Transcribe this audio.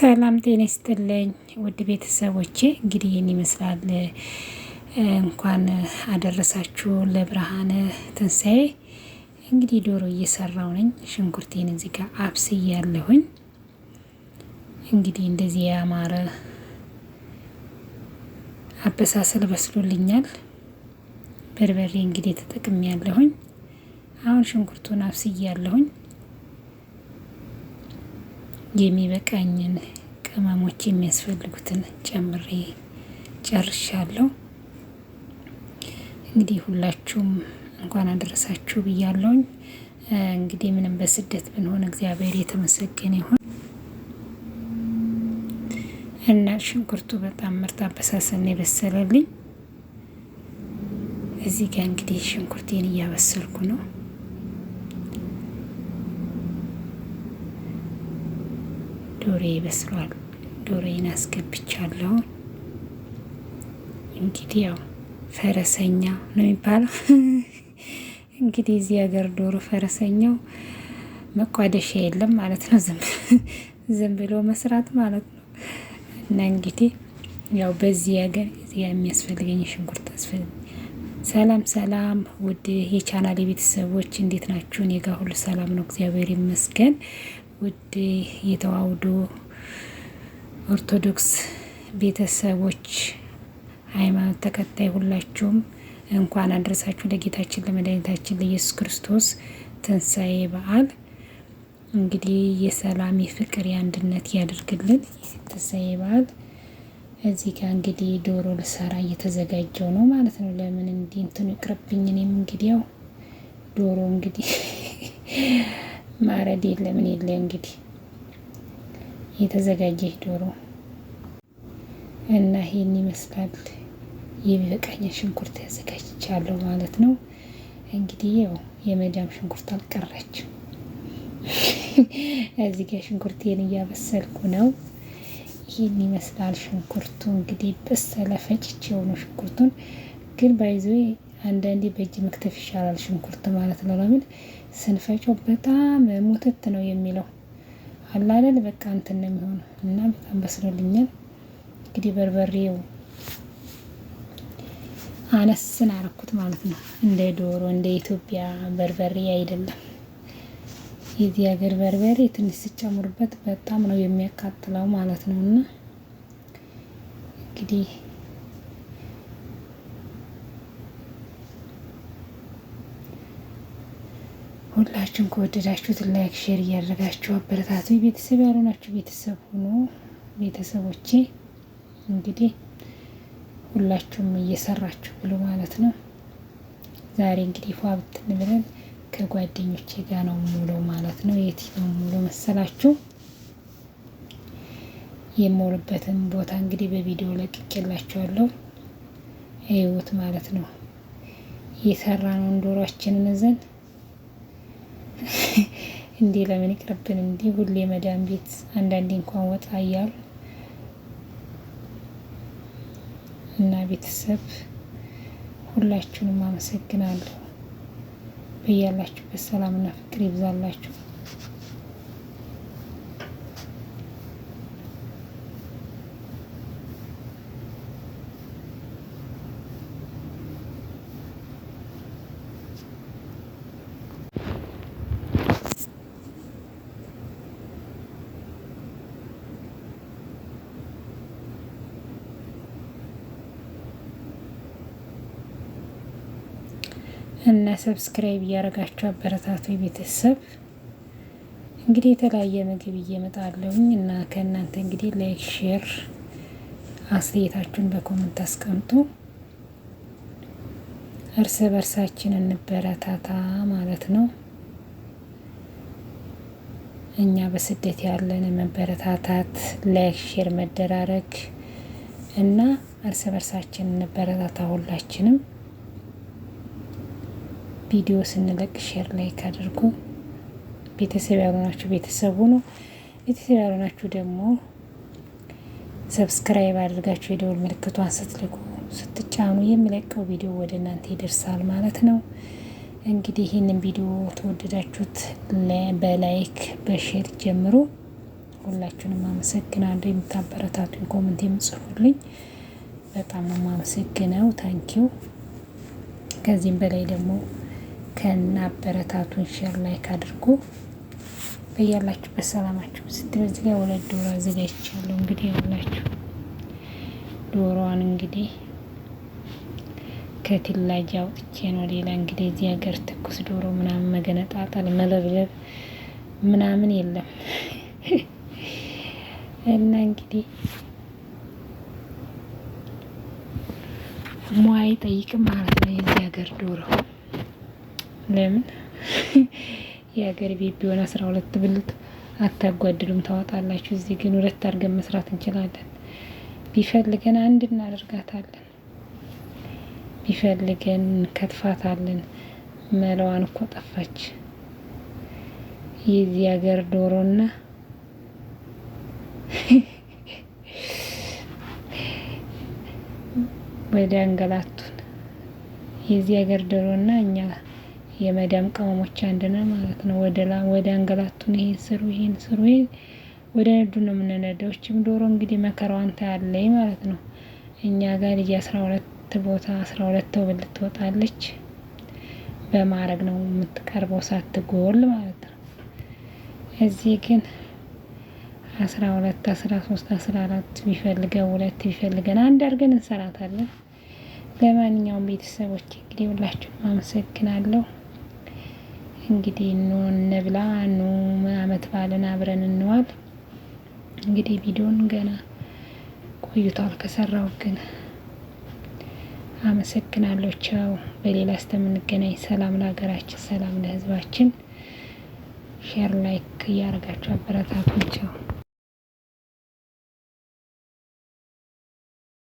ሰላም ጤና ይስጥልኝ ውድ ቤተሰቦቼ፣ እንግዲህ ይህን ይመስላል። እንኳን አደረሳችሁ ለብርሃነ ትንሣኤ። እንግዲህ ዶሮ እየሰራው ነኝ። ሽንኩርቴን እዚህ ጋር አብስያለሁኝ። እንግዲህ እንደዚህ ያማረ አበሳሰል በስሎልኛል። በርበሬ እንግዲህ ተጠቅሜ ያለሁኝ። አሁን ሽንኩርቱን አብስያለሁኝ። የሚበቃኝን ቅመሞች የሚያስፈልጉትን ጨምሬ ጨርሻለሁ። እንግዲህ ሁላችሁም እንኳን አደረሳችሁ ብያለውኝ። እንግዲህ ምንም በስደት ብንሆን እግዚአብሔር የተመሰገነ ይሁን እና ሽንኩርቱ በጣም ምርጥ አበሳሰን የበሰለልኝ። እዚህ ጋር እንግዲህ ሽንኩርቴን እያበሰልኩ ነው። ዶሬ ይበስሏል። ዶሬን አስገብቻለሁ። እንግዲህ ያው ፈረሰኛ ነው የሚባለው። እንግዲህ እዚህ ሀገር ዶሮ ፈረሰኛው መቋደሻ የለም ማለት ነው። ዝም ብሎ መስራት ማለት ነው። እና እንግዲህ ያው በዚህ ሀገር እዚያ የሚያስፈልገኝ ሽንኩርት አስፈልግ። ሰላም ሰላም፣ ውድ የቻናል ቤተሰቦች እንዴት ናችሁ? እኔ ጋ ሁሉ ሰላም ነው፣ እግዚአብሔር ይመስገን። ውድ የተዋህዶ ኦርቶዶክስ ቤተሰቦች ሃይማኖት ተከታይ ሁላችሁም እንኳን አድረሳችሁ ለጌታችን ለመድኃኒታችን ለኢየሱስ ክርስቶስ ትንሣኤ በዓል። እንግዲህ የሰላም የፍቅር የአንድነት ያደርግልን ትንሣኤ በዓል። እዚህ ጋር እንግዲህ ዶሮ ልሰራ እየተዘጋጀው ነው ማለት ነው። ለምን እንዲህ እንትኑ ይቅርብኝ። እኔም እንግዲያው ዶሮ እንግዲህ ማረድ የለ ምን የለ እንግዲህ የተዘጋጀ ዶሮ እና ይሄን ይመስላል። የሚበቃኝ ሽንኩርት ያዘጋጅቻለሁ ማለት ነው። እንግዲህ ያው የመዳም ሽንኩርት አልቀረችም። እዚህ ጋር ሽንኩርቴን እያበሰልኩ ነው። ይህን ይመስላል ሽንኩርቱ እንግዲህ በሰለ ፈጭቼ ሽንኩርቱን ግን ባይዞ አንዳንዴ በእጅ መክተፍ ይሻላል ሽንኩርት ማለት ነው። ለምን ስንፈጨው በጣም ሞተት ነው የሚለው አላለል በቃ እንትን ነው የሚሆነው እና በጣም በስሎልኛል። እንግዲህ በርበሬው አነስን አረኩት ማለት ነው። እንደ ዶሮ እንደ ኢትዮጵያ በርበሬ አይደለም። የዚህ ሀገር በርበሬ ትንሽ ስጨምሩበት በጣም ነው የሚያቃጥለው ማለት ነው እና እንግዲህ ሁላችሁም ከወደዳችሁት ላይክ፣ ሼር እያደረጋችሁ አበረታቱ። ቤተሰብ ያልሆናችሁ ቤተሰብ ሆኖ ቤተሰቦቼ እንግዲህ ሁላችሁም እየሰራችሁ ብሎ ማለት ነው። ዛሬ እንግዲህ ፏብት ብለን ከጓደኞቼ ጋር ነው ሙሎ ማለት ነው። የት ነው ሙሎ መሰላችሁ? የምውልበትን ቦታ እንግዲህ በቪዲዮ ለቅቄላችኋለሁ እዩት ማለት ነው። ነው እንዶሯችንን እዘን እንዴ ለምን ይቅርብን እንዴ ሁሌ መዳን ቤት አንዳንዴ እንኳን ወጣ እያሉ እና ቤተሰብ ሁላችሁንም አመሰግናለሁ። በያላችሁበት ሰላምና ፍቅር ይብዛላችሁ። እና ሰብስክራይብ እያደረጋችሁ አበረታቱ ቤተሰብ። እንግዲህ የተለያየ ምግብ እየመጣለሁኝ እና ከእናንተ እንግዲህ ላይክ፣ ሼር አስተያየታችሁን በኮመንት አስቀምጡ። እርስ በርሳችን እንበረታታ ማለት ነው። እኛ በስደት ያለን መበረታታት፣ ላይክ ሼር መደራረግ እና እርስ በርሳችን እንበረታታ ሁላችንም ቪዲዮ ስንለቅ ሼር ላይክ አድርጉ። ቤተሰብ ያልሆናችሁ ቤተሰቡ ነው። ቤተሰብ ያልሆናችሁ ደግሞ ሰብስክራይብ አድርጋችሁ የደውል ምልክቷን ስትልቁ ስትጫኑ የሚለቀው ቪዲዮ ወደ እናንተ ይደርሳል ማለት ነው። እንግዲህ ይህንን ቪዲዮ ተወደዳችሁት በላይክ በሼር ጀምሮ ሁላችሁንም አመሰግናለሁ። የምታበረታቱ ኮመንት የምጽፉልኝ በጣም ነው የማመሰግነው። ታንኪው ከዚህም በላይ ደግሞ ከና አበረታቱን ሼር ላይክ አድርጉ። በያላችሁ በሰላማችሁ ስትል እዚህ ላይ ሁለት ዶሮ አዘጋጅቻለሁ። እንግዲህ ያላችሁ ዶሮዋን እንግዲህ ከትላጅ አውጥቼ ነው። ሌላ እንግዲህ እዚህ ሀገር ትኩስ ዶሮ ምናምን መገነጣጠል መለብለብ ምናምን የለም እና እንግዲህ ሙያ አይጠይቅም ማለት ነው የዚህ ሀገር ዶሮ ለምን የሀገር ቤት ቢሆን አስራ ሁለት ብልት አታጓድሉም ታወጣላችሁ። እዚህ ግን ሁለት አድርገን መስራት እንችላለን። ቢፈልገን አንድ እናደርጋታለን፣ ቢፈልገን እንከትፋታለን። መለዋን እኮ ጠፋች። የዚህ ሀገር ዶሮና ወደ አንገላቱን የዚህ ሀገር ዶሮና እኛ የመዳም ቅመሞች አንድ ነው ማለት ነው። ወደ ላ ወደ አንገላቱን ይሄን ስሩ ይሄን ስሩ ወደ ነዱ ነው የምንነዳው። እችም ዶሮ እንግዲህ መከራዋን ታያለች ማለት ነው። እኛ ጋር ልጅ አስራ ሁለት ቦታ አስራ ሁለት ውብል ትወጣለች። በማረግ ነው የምትቀርበው ሳትጎል ማለት ነው። እዚህ ግን አስራ ሁለት አስራ ሶስት አስራ አራት ቢፈልገው ሁለት ቢፈልገን አንድ አድርገን እንሰራታለን። ለማንኛውም ቤተሰቦች እንግዲህ ሁላችሁም አመሰግናለሁ። እንግዲህ ኑ እንብላ፣ ኑ አመት በዓልን አብረን እንዋል። እንግዲህ ቪዲዮን ገና ቆይቷል ከሰራው ግን አመሰግናለሁ። ቻው። በሌላ እስከምንገናኝ ሰላም ለሀገራችን፣ ሰላም ለህዝባችን ሼር ላይክ እያደረጋችሁ አበረታቱን። ቻው።